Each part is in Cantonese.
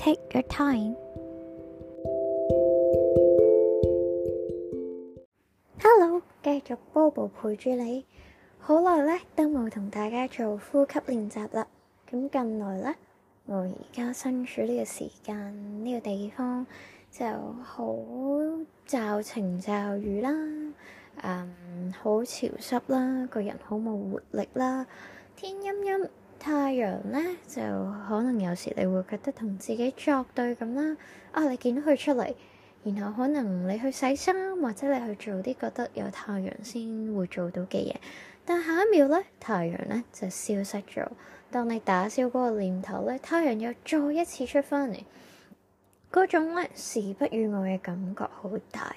Take your time. Hello，繼續 Bobo 陪住你。好耐咧都冇同大家做呼吸練習啦。咁近來咧，我而家身處呢個時間、呢個地方就好驟晴驟雨啦，好、嗯、潮濕啦，個人好冇活力啦，天陰陰。太陽呢，就可能有時你會覺得同自己作對咁啦，啊，你見到佢出嚟，然後可能你去洗衫，或者你去做啲覺得有太陽先會做到嘅嘢，但下一秒呢，太陽呢就消失咗。當你打消嗰個念頭呢，太陽又再一次出翻嚟，嗰種呢時不與我嘅感覺好大。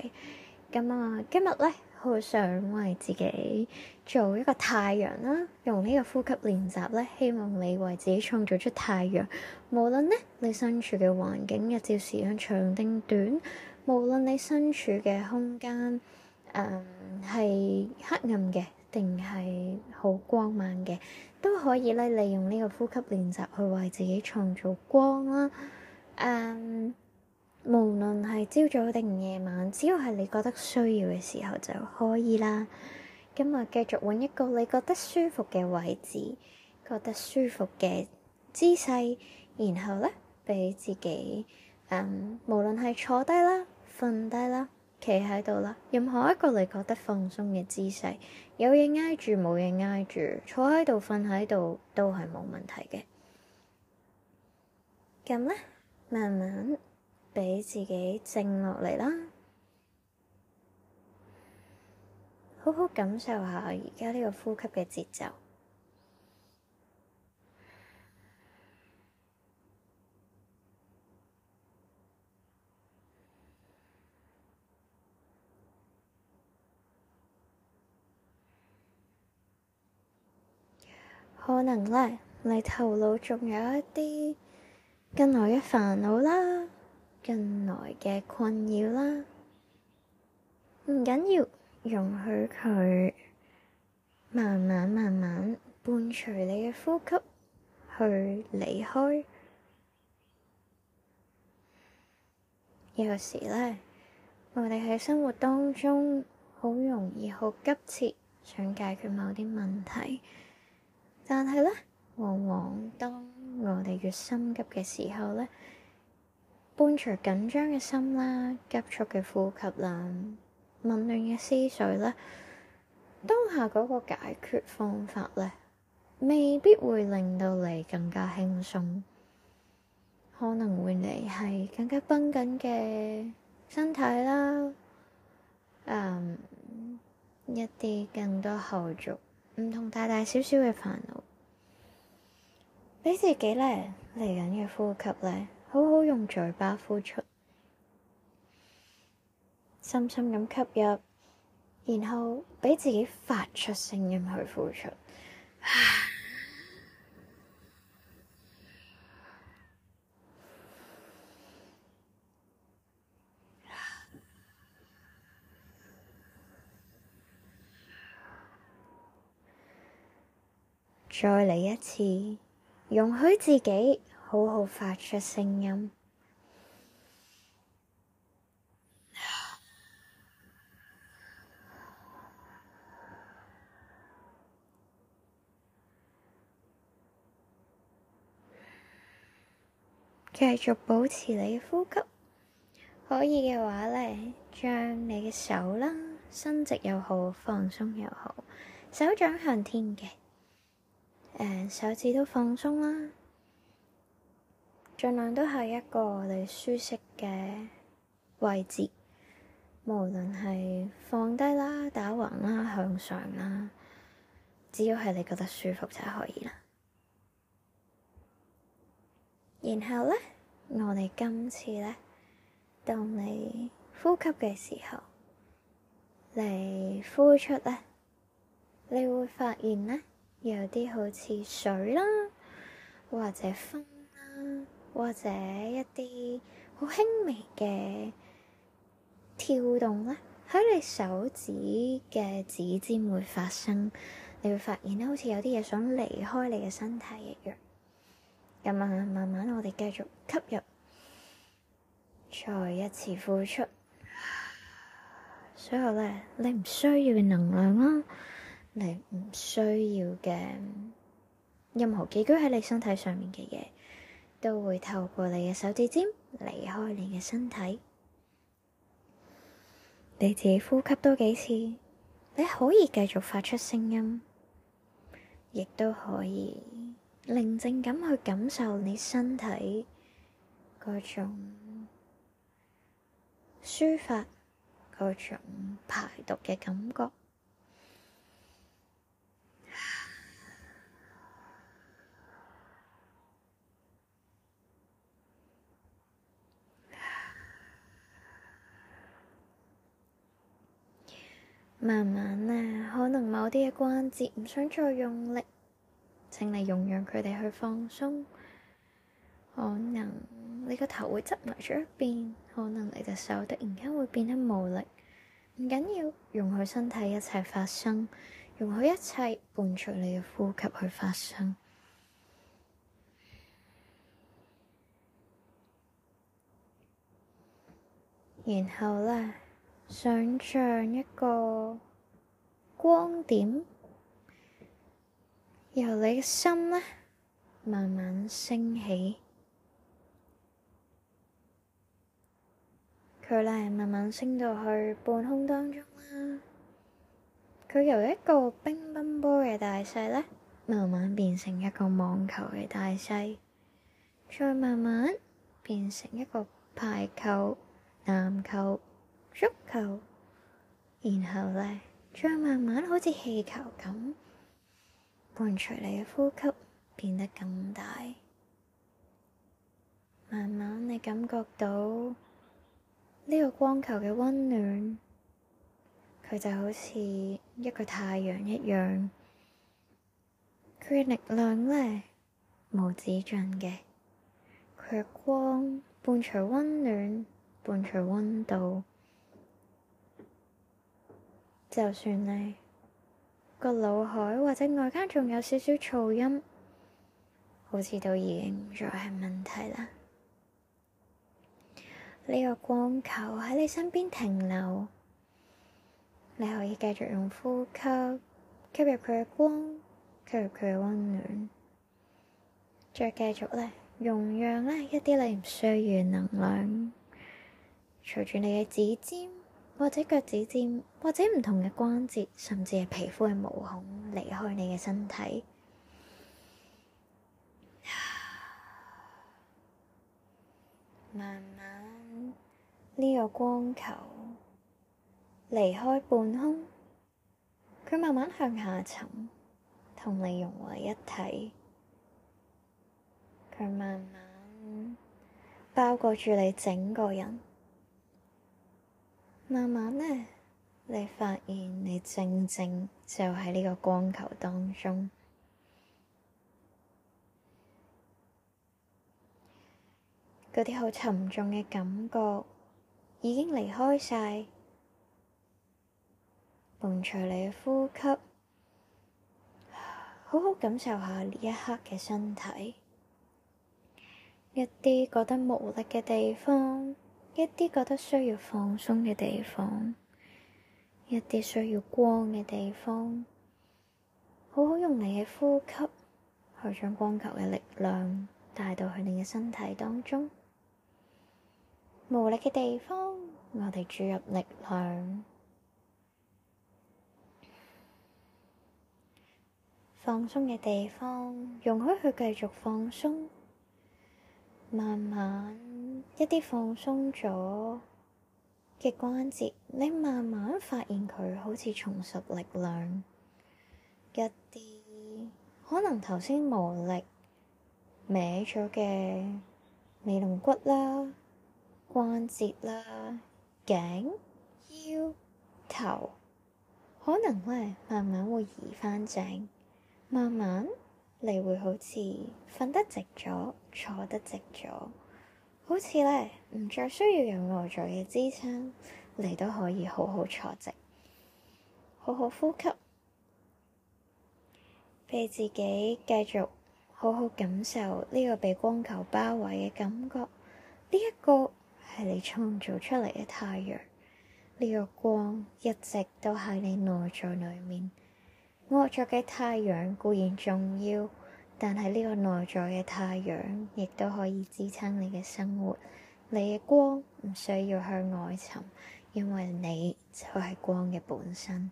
咁啊，今日呢。好想為自己做一個太陽啦，用呢個呼吸練習咧，希望你為自己創造出太陽。無論咧你身處嘅環境日照時間長長定短，無論你身處嘅空間，誒、嗯、係黑暗嘅定係好光猛嘅，都可以咧利用呢個呼吸練習去為自己創造光啦。嗯。無論係朝早定夜晚，只要係你覺得需要嘅時候就可以啦。咁啊，繼續揾一個你覺得舒服嘅位置，覺得舒服嘅姿勢，然後咧俾自己，嗯，無論係坐低啦、瞓低啦、企喺度啦，任何一個你覺得放鬆嘅姿勢，有嘢挨住、冇嘢挨住，坐喺度、瞓喺度都係冇問題嘅。咁咧，慢慢。畀自己靜落嚟啦，好好感受下而家呢個呼吸嘅節奏。可能咧，你頭腦仲有一啲更多嘅煩惱啦。近來嘅困擾啦，唔緊要，容許佢慢慢慢慢伴隨你嘅呼吸去離開。有時咧，我哋喺生活當中好容易好急切，想解決某啲問題，但係咧，往往當我哋越心急嘅時候咧。排除緊張嘅心啦，急促嘅呼吸啦，紊亂嘅思緒啦，當下嗰個解決方法咧，未必會令到你更加輕鬆，可能會你係更加繃緊嘅身體啦，嗯，一啲更多後續唔同大大小小嘅煩惱，俾自己咧嚟緊嘅呼吸咧。好好用嘴巴呼出，深深咁吸入，然後畀自己發出聲音去呼出。再嚟一次，容許自己。好好發出聲音，繼續保持你嘅呼吸。可以嘅話咧，將你嘅手啦，伸直又好，放鬆又好，手掌向天嘅，誒、嗯，手指都放鬆啦。盡量都係一個你舒適嘅位置，無論係放低啦、打橫啦、向上啦，只要係你覺得舒服就可以啦。然後咧，我哋今次咧，當你呼吸嘅時候，嚟呼出咧，你會發現咧，有啲好似水啦，或者風。或者一啲好輕微嘅跳動咧，喺你手指嘅指尖會發生，你會發現咧，好似有啲嘢想離開你嘅身體一樣。咁、嗯、慢慢慢，慢，我哋繼續吸入，再一次付出，所有咧你唔需要嘅能量啦，你唔需要嘅任何寄居喺你身體上面嘅嘢。都會透過你嘅手指尖離開你嘅身體。你自己呼吸多幾次，你可以繼續發出聲音，亦都可以寧靜咁去感受你身體嗰種抒發、嗰種排毒嘅感覺。慢慢啊，可能某啲嘅關節唔想再用力，請你容讓佢哋去放鬆。可能你個頭會側埋咗一邊，可能你隻手突然間會變得無力。唔緊要，容許身體一齊發生，容許一切伴隨你嘅呼吸去發生。然後咧。想像一個光點，由你嘅心咧慢慢升起，佢咧慢慢升到去半空當中啦。佢由一個乒乓波嘅大細咧，慢慢變成一個網球嘅大細，再慢慢變成一個排球、籃球。足球，然後咧，再慢慢好似氣球咁，伴隨你嘅呼吸變得更大。慢慢你感覺到呢個光球嘅溫暖，佢就好似一個太陽一樣，佢嘅力量咧無止盡嘅，佢嘅光伴隨溫暖，伴隨溫度。就算你個腦海或者外間仲有少少噪音，好似都已經唔再係問題啦。呢個光球喺你身邊停留，你可以繼續用呼吸吸入佢嘅光，吸入佢嘅溫暖，再繼續咧容漾咧一啲你唔需要嘅能量，隨住你嘅指尖，或者腳趾尖，或者唔同嘅關節，甚至係皮膚嘅毛孔離開你嘅身體。慢慢呢個光球離開半空，佢慢慢向下沉，同你融為一體。佢慢慢包裹住你整個人。慢慢咧，你發現你正正就喺呢個光球當中，嗰啲好沉重嘅感覺已經離開晒，伴隨你嘅呼吸，好好感受下呢一刻嘅身體，一啲覺得無力嘅地方。一啲覺得需要放鬆嘅地方，一啲需要光嘅地方，好好用你嘅呼吸去將光球嘅力量帶到去你嘅身體當中。無力嘅地方，我哋注入力量；放鬆嘅地方，容許佢繼續放鬆，慢慢。一啲放鬆咗嘅關節，你慢慢發現佢好似重拾力量。一啲可能頭先無力歪咗嘅尾龍骨啦、關節啦、頸、腰、頭，可能呢，慢慢會移返正。慢慢你會好似瞓得直咗、坐得直咗。好似咧，唔再需要有外在嘅支撐，你都可以好好坐直，好好呼吸，俾自己繼續好好感受呢個被光球包圍嘅感覺。呢一個係你創造出嚟嘅太陽，呢個光一直都喺你內在裏面。外在嘅太陽固然重要。但係呢個內在嘅太陽亦都可以支撐你嘅生活，你嘅光唔需要向外尋，因為你就係光嘅本身。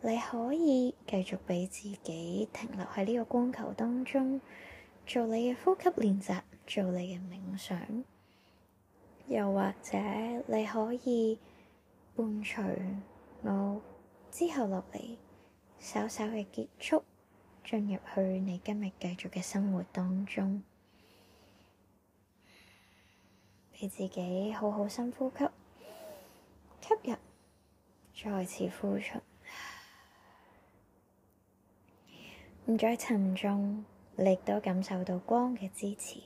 你可以繼續俾自己停留喺呢個光球當中，做你嘅呼吸練習，做你嘅冥想，又或者你可以伴隨我之後落嚟，稍稍嘅結束。進入去你今日繼續嘅生活當中，畀自己好好深呼吸，吸入，再次呼出，唔再沉重，你亦都感受到光嘅支持。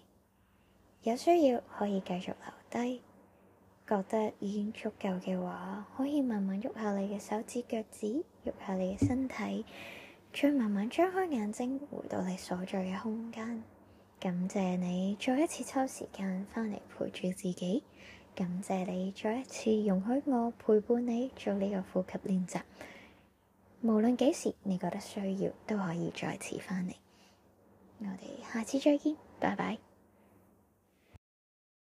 有需要可以繼續留低，覺得已經足夠嘅話，可以慢慢喐下你嘅手指、腳趾，喐下你嘅身體。再慢慢張開眼睛，回到你所在嘅空間。感謝你再一次抽時間返嚟陪住自己，感謝你再一次容許我陪伴你做呢個呼吸練習。無論幾時你覺得需要，都可以再次返嚟。我哋下次再見，拜拜。